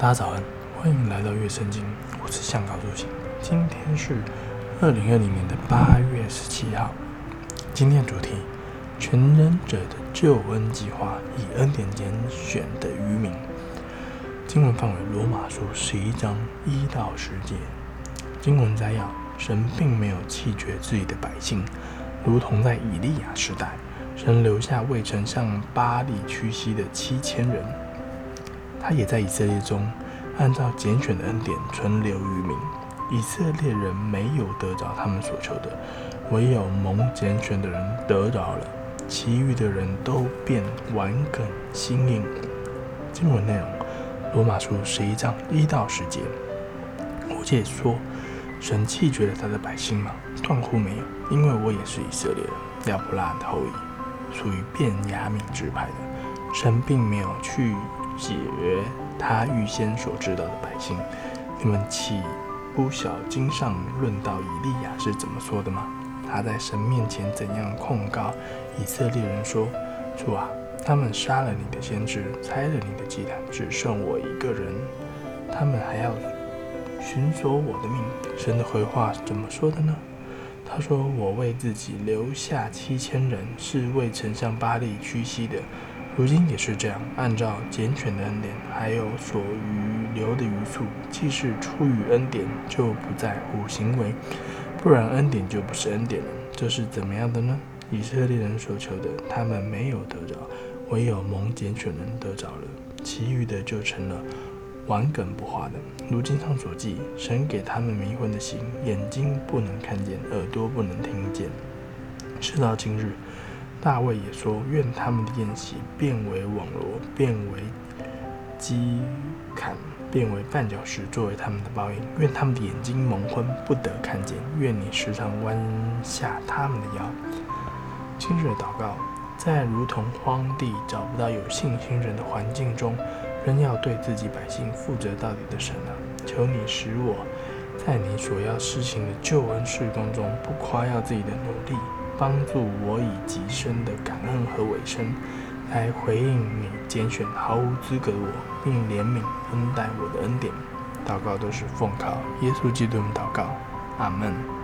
大家早安，歡迎來到《樂聖經》，我是向導蘇醒。今天是二零二零年的八月十七號。今天的主題：全能者的救恩計劃，以恩典揀選的餘民。經文範圍：羅馬書十一章一到十節。經文摘要：神並沒有棄絕自己的百姓，如同在以利亞時代，神留下未曾向巴力屈膝的七千人。他也在以色列中，按照揀選的恩典存留餘民。以色列人沒有得着他們所求的，唯有蒙揀選的人得着了。其餘的人都變頑梗心硬。經文內容：羅馬書十一章一到十節。我解說：神棄絕了他的百姓嗎？斷乎沒有，因為我也是以色列人，亞伯拉罕的後裔，屬於便雅憫支派的。神並沒有去。棄絕他預先所知道的百姓，你們豈不曉經上論到以利亞是怎麼說的嗎？他在神面前怎樣控告以色列人說：“主啊，他們殺了你的先知，拆了你的祭壇，只剩我一個人，他們還要尋索我的命。”神的回話怎麼說的呢？他說：“我為自己留下七千人，是未曾向巴力屈膝的。”如今也是這樣，按照揀選的恩典，還有所餘留的餘數。既是出於恩典，就不在乎行為，不然恩典就不是恩典了。這是怎麼樣的呢？以色列人所求的，他們沒有得着，唯有蒙揀選人得着了，其餘的就成了頑梗不化的。如今上所記，神給他們迷魂的心，眼睛，不能看見，耳朵不能聽見，直到今日。大衛也說：“願他們的筵席變為網羅，變為機檻，變為絆腳石，作為他們的報應。願他們的眼睛蒙昏，不得看見。願你時常彎下他們的腰。”今日的禱告，在如同荒地找不到有信心人的環境中，仍要對自己百姓負責到底的神啊，求你使我，在你所要施行的救恩事工中，不誇耀自己的努力。幫助我以極深的感恩和委身，來回應你揀選毫無資格的我，並憐憫恩待我的恩典。禱告都是奉靠耶穌基督的禱告。阿門。